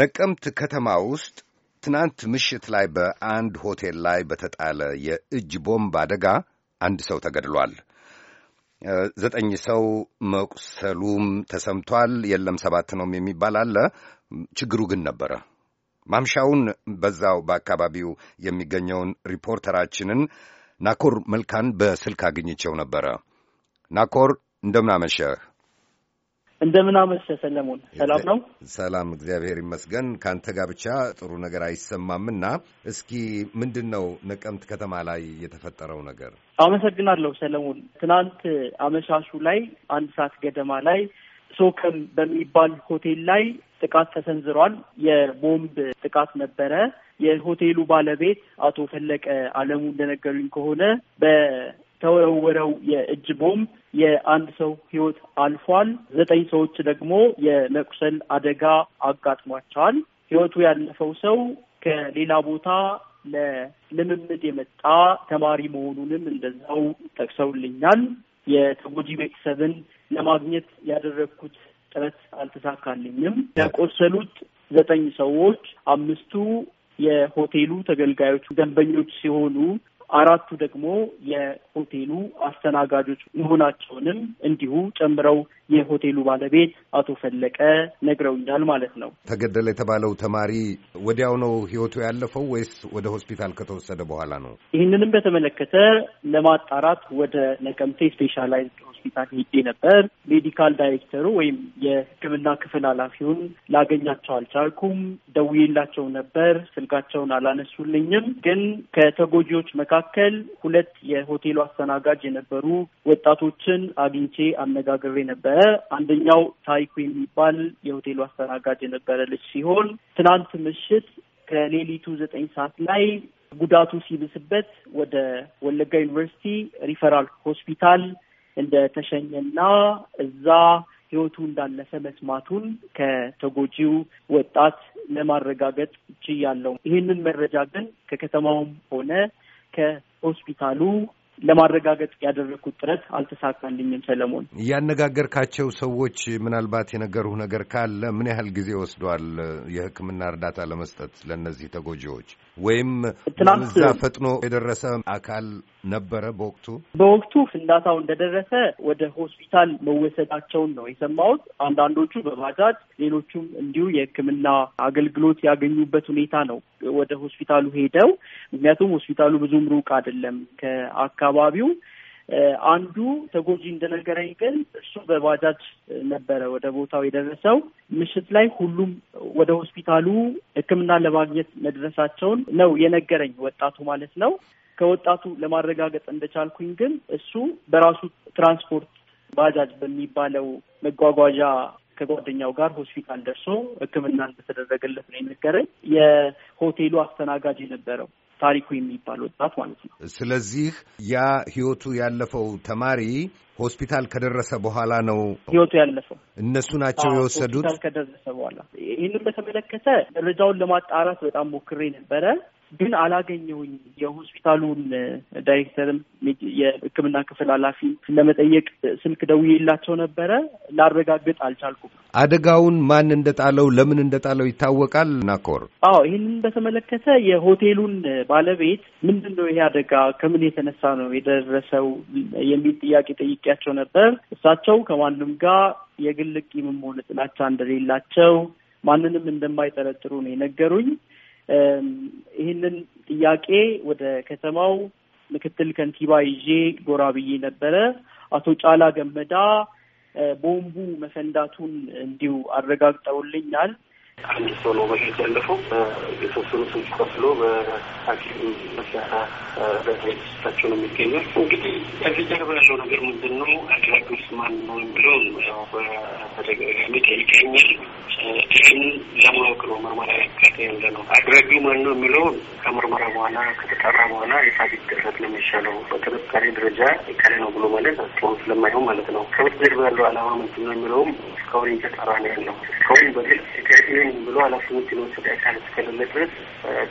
ነቀምት ከተማ ውስጥ ትናንት ምሽት ላይ በአንድ ሆቴል ላይ በተጣለ የእጅ ቦምብ አደጋ አንድ ሰው ተገድሏል። ዘጠኝ ሰው መቁሰሉም ተሰምቷል። የለም ሰባት ነውም የሚባል አለ። ችግሩ ግን ነበረ። ማምሻውን በዛው በአካባቢው የሚገኘውን ሪፖርተራችንን ናኮር መልካን በስልክ አግኝቸው ነበረ። ናኮር እንደምን አመሸህ? እንደምን አመሸህ ሰለሞን፣ ሰላም ነው? ሰላም እግዚአብሔር ይመስገን። ከአንተ ጋር ብቻ ጥሩ ነገር አይሰማምና እስኪ ምንድን ነው ነቀምት ከተማ ላይ የተፈጠረው ነገር? አመሰግናለሁ ሰለሞን። ትናንት አመሻሹ ላይ አንድ ሰዓት ገደማ ላይ ሶከም በሚባል ሆቴል ላይ ጥቃት ተሰንዝሯል። የቦምብ ጥቃት ነበረ። የሆቴሉ ባለቤት አቶ ፈለቀ አለሙ እንደነገሩኝ ከሆነ በ ተወረወረው የእጅ ቦምብ የአንድ ሰው ህይወት አልፏል። ዘጠኝ ሰዎች ደግሞ የመቁሰል አደጋ አጋጥሟቸዋል። ህይወቱ ያለፈው ሰው ከሌላ ቦታ ለልምምድ የመጣ ተማሪ መሆኑንም እንደዛው ጠቅሰውልኛል። የተጎጂ ቤተሰብን ለማግኘት ያደረግኩት ጥረት አልተሳካልኝም። ያቆሰሉት ዘጠኝ ሰዎች አምስቱ የሆቴሉ ተገልጋዮች፣ ደንበኞች ሲሆኑ አራቱ ደግሞ የሆቴሉ አስተናጋጆች መሆናቸውንም እንዲሁ ጨምረው የሆቴሉ ባለቤት አቶ ፈለቀ ነግረውኛል ማለት ነው። ተገደለ የተባለው ተማሪ ወዲያው ነው ህይወቱ ያለፈው ወይስ ወደ ሆስፒታል ከተወሰደ በኋላ ነው? ይህንንም በተመለከተ ለማጣራት ወደ ነቀምቴ ስፔሻላይዝድ ሆስፒታል ሄጄ ነበር። ሜዲካል ዳይሬክተሩ ወይም የሕክምና ክፍል ኃላፊውን ላገኛቸው አልቻልኩም። ደውዬላቸው ነበር፣ ስልካቸውን አላነሱልኝም። ግን ከተጎጂዎች መካከል ሁለት የሆቴሉ አስተናጋጅ የነበሩ ወጣቶችን አግኝቼ አነጋግሬ ነበረ። አንደኛው ታይኩ የሚባል የሆቴሉ አስተናጋጅ የነበረ ልጅ ሲሆን ትናንት ምሽት ከሌሊቱ ዘጠኝ ሰዓት ላይ ጉዳቱ ሲብስበት ወደ ወለጋ ዩኒቨርሲቲ ሪፈራል ሆስፒታል እንደተሸኘና እዛ ህይወቱ እንዳለፈ መስማቱን ከተጎጂው ወጣት ለማረጋገጥ ችያለሁ። ይህንን መረጃ ግን ከከተማውም ሆነ ከሆስፒታሉ ለማረጋገጥ ያደረግኩት ጥረት አልተሳካልኝም። ሰለሞን፣ ያነጋገርካቸው ሰዎች ምናልባት የነገሩህ ነገር ካለ ምን ያህል ጊዜ ወስዷል የሕክምና እርዳታ ለመስጠት ለእነዚህ ተጎጂዎች? ወይም እዛ ፈጥኖ የደረሰ አካል ነበረ? በወቅቱ በወቅቱ ፍንዳታው እንደደረሰ ወደ ሆስፒታል መወሰዳቸውን ነው የሰማሁት። አንዳንዶቹ በባጃጅ ሌሎቹም እንዲሁ የሕክምና አገልግሎት ያገኙበት ሁኔታ ነው ወደ ሆስፒታሉ ሄደው። ምክንያቱም ሆስፒታሉ ብዙም ሩቅ አይደለም ከአካ አካባቢው አንዱ ተጎጂ እንደነገረኝ ግን እሱ በባጃጅ ነበረ ወደ ቦታው የደረሰው። ምሽት ላይ ሁሉም ወደ ሆስፒታሉ ሕክምና ለማግኘት መድረሳቸውን ነው የነገረኝ ወጣቱ ማለት ነው። ከወጣቱ ለማረጋገጥ እንደቻልኩኝ ግን እሱ በራሱ ትራንስፖርት ባጃጅ በሚባለው መጓጓዣ ከጓደኛው ጋር ሆስፒታል ደርሶ ሕክምና እንደተደረገለት ነው የነገረኝ የሆቴሉ አስተናጋጅ የነበረው ታሪኩ የሚባል ወጣት ማለት ነው። ስለዚህ ያ ህይወቱ ያለፈው ተማሪ ሆስፒታል ከደረሰ በኋላ ነው ህይወቱ ያለፈው። እነሱ ናቸው የወሰዱት። ሆስፒታል ከደረሰ በኋላ ይህንን በተመለከተ መረጃውን ለማጣራት በጣም ሞክሬ ነበረ። ግን አላገኘሁኝ። የሆስፒታሉን ዳይሬክተርም የሕክምና ክፍል ኃላፊ ለመጠየቅ ስልክ ደውዬላቸው ነበረ፣ ላረጋግጥ አልቻልኩም። አደጋውን ማን እንደጣለው ለምን እንደጣለው ይታወቃል? ናኮር አዎ፣ ይህንን በተመለከተ የሆቴሉን ባለቤት ምንድን ነው ይሄ አደጋ ከምን የተነሳ ነው የደረሰው የሚል ጥያቄ ጠይቄያቸው ነበር። እሳቸው ከማንም ጋር የግል ቂምም ሆነ ጥላቻ እንደሌላቸው ማንንም እንደማይጠረጥሩ ነው የነገሩኝ። ይህንን ጥያቄ ወደ ከተማው ምክትል ከንቲባ ይዤ ጎራ ብዬ ነበረ። አቶ ጫላ ገመዳ ቦምቡ መፈንዳቱን እንዲሁ አረጋግጠውልኛል። አንድ ሰው ነው በህይወት ያለፈው። የተወሰኑ ሰዎች ቆስሎ በሐኪም መስሪያ ቤታቸው ነው የሚገኘው። እንግዲህ ከዚህ ጀርባ ያለው ነገር ምንድን ነው? አድራጊውስ ማን ነው ብለው በተደጋጋሚ ጠይቀኛል። ይህን ለማወቅ ነው ምርመራ ያካሄደ ያለ ነው። አድራጊው ማን ነው የሚለው ከምርመራ በኋላ ከተጠራ በኋላ የፋት ይደረግ ነው የሚሻለው። በጥርጣሬ ደረጃ ይካል ነው ብሎ ማለት ጥሩ ስለማይሆን ማለት ነው። ከዚህ ያለው አላማ ምንድን ነው የሚለውም እስካሁን እየተጣራ ነው ያለው። እስካሁን በግል በግልጽ ነኝ ብሎ ኃላፊነት የመውሰድ አካል እስከሌለ ድረስ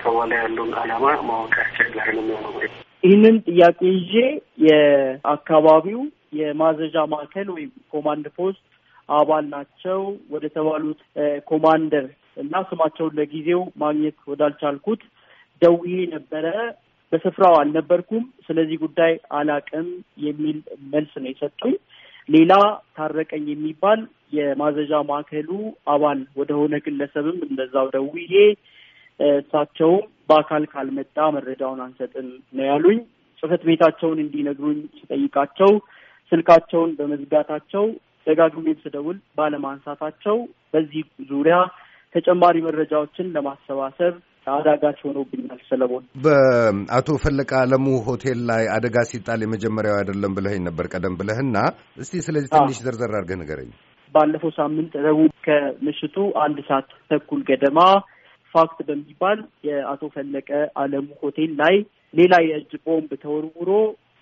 ከኋላ ያለውን ዓላማ ማወቅ አስቸጋሪ ነው የሚሆነው። ይህንን ጥያቄ ይዤ የአካባቢው የማዘዣ ማዕከል ወይም ኮማንድ ፖስት አባል ናቸው ወደ ተባሉት ኮማንደር እና ስማቸውን ለጊዜው ማግኘት ወዳልቻልኩት ደውዬ ነበረ። በስፍራው አልነበርኩም፣ ስለዚህ ጉዳይ አላቅም የሚል መልስ ነው የሰጡኝ። ሌላ ታረቀኝ የሚባል የማዘዣ ማዕከሉ አባል ወደሆነ ግለሰብም እንደዛው ደውዬ እሳቸውም በአካል ካልመጣ መረጃውን አንሰጥም ነው ያሉኝ። ጽህፈት ቤታቸውን እንዲነግሩኝ ስጠይቃቸው ስልካቸውን በመዝጋታቸው ደጋግሜም ስደውል ባለማንሳታቸው በዚህ ዙሪያ ተጨማሪ መረጃዎችን ለማሰባሰብ አዳጋች ሆኖብኛል። ሰለሞን በአቶ ፈለቀ አለሙ ሆቴል ላይ አደጋ ሲጣል የመጀመሪያው አይደለም ብለኸኝ ነበር ቀደም ብለህና፣ እስቲ ስለዚህ ትንሽ ዘርዘር አድርገህ ንገረኝ። ባለፈው ሳምንት ረቡዕ ከምሽቱ አንድ ሰዓት ተኩል ገደማ ፋክት በሚባል የአቶ ፈለቀ አለሙ ሆቴል ላይ ሌላ የእጅ ቦምብ ተወርውሮ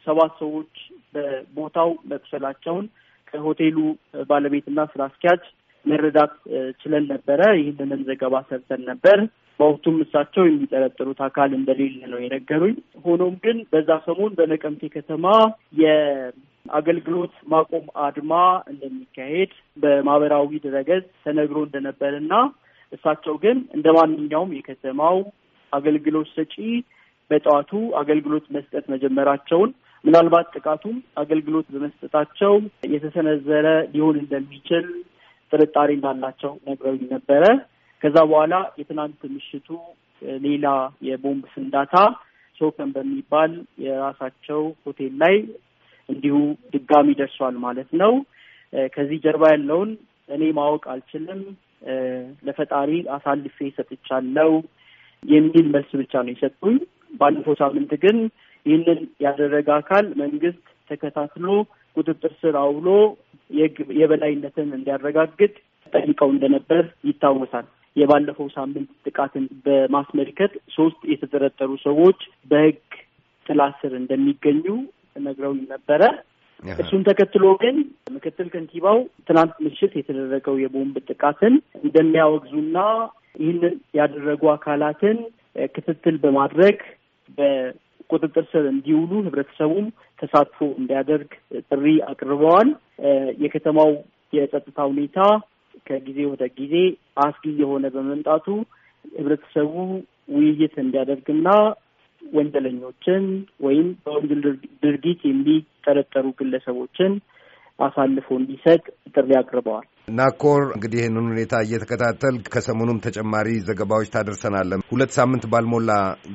ሰባት ሰዎች በቦታው መቁሰላቸውን ከሆቴሉ ባለቤትና ስራ አስኪያጅ መረዳት ችለን ነበረ። ይህንንም ዘገባ ሰርተን ነበር። በወቅቱም እሳቸው የሚጠረጥሩት አካል እንደሌለ ነው የነገሩኝ። ሆኖም ግን በዛ ሰሞን በነቀምቴ ከተማ የአገልግሎት ማቆም አድማ እንደሚካሄድ በማህበራዊ ድረገጽ ተነግሮ እንደነበር እሳቸው ግን እንደ ማንኛውም የከተማው አገልግሎት ሰጪ በጠዋቱ አገልግሎት መስጠት መጀመራቸውን ምናልባት ጥቃቱም አገልግሎት በመስጠታቸው የተሰነዘረ ሊሆን እንደሚችል ጥርጣሬ እንዳላቸው ነግረውኝ ነበረ። ከዛ በኋላ የትናንት ምሽቱ ሌላ የቦምብ ፍንዳታ ሶከን በሚባል የራሳቸው ሆቴል ላይ እንዲሁ ድጋሚ ደርሷል ማለት ነው። ከዚህ ጀርባ ያለውን እኔ ማወቅ አልችልም፣ ለፈጣሪ አሳልፌ ሰጥቻለሁ የሚል መልስ ብቻ ነው የሰጡኝ። ባለፈው ሳምንት ግን ይህንን ያደረገ አካል መንግስት ተከታትሎ ቁጥጥር ስር አውሎ የበላይነትን እንዲያረጋግጥ ጠይቀው እንደነበር ይታወሳል። የባለፈው ሳምንት ጥቃትን በማስመልከት ሶስት የተጠረጠሩ ሰዎች በህግ ጥላ ስር እንደሚገኙ ነግረውኝ ነበረ። እሱን ተከትሎ ግን ምክትል ከንቲባው ትናንት ምሽት የተደረገው የቦምብ ጥቃትን እንደሚያወግዙና ይህንን ያደረጉ አካላትን ክትትል በማድረግ በቁጥጥር ስር እንዲውሉ ህብረተሰቡም ተሳትፎ እንዲያደርግ ጥሪ አቅርበዋል። የከተማው የጸጥታ ሁኔታ ከጊዜ ወደ ጊዜ አስጊ የሆነ በመምጣቱ ህብረተሰቡ ውይይት እንዲያደርግና ወንጀለኞችን ወይም በወንጀል ድርጊት የሚጠረጠሩ ግለሰቦችን አሳልፎ እንዲሰጥ ጥሪ አቅርበዋል። ናኮር እንግዲህ ይህንን ሁኔታ እየተከታተል ከሰሞኑም ተጨማሪ ዘገባዎች ታደርሰናለን። ሁለት ሳምንት ባልሞላ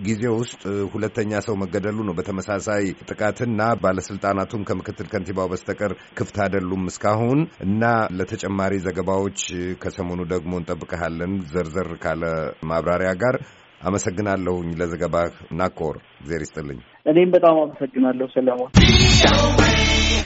ጊዜ ውስጥ ሁለተኛ ሰው መገደሉ ነው በተመሳሳይ ጥቃትና ባለስልጣናቱም ከምክትል ከንቲባው በስተቀር ክፍት አይደሉም እስካሁን እና ለተጨማሪ ዘገባዎች ከሰሞኑ ደግሞ እንጠብቀሃለን ዘርዘር ካለ ማብራሪያ ጋር። አመሰግናለሁኝ ለዘገባ ናኮር፣ እግዜር ይስጥልኝ። እኔም በጣም አመሰግናለሁ ሰለሞን።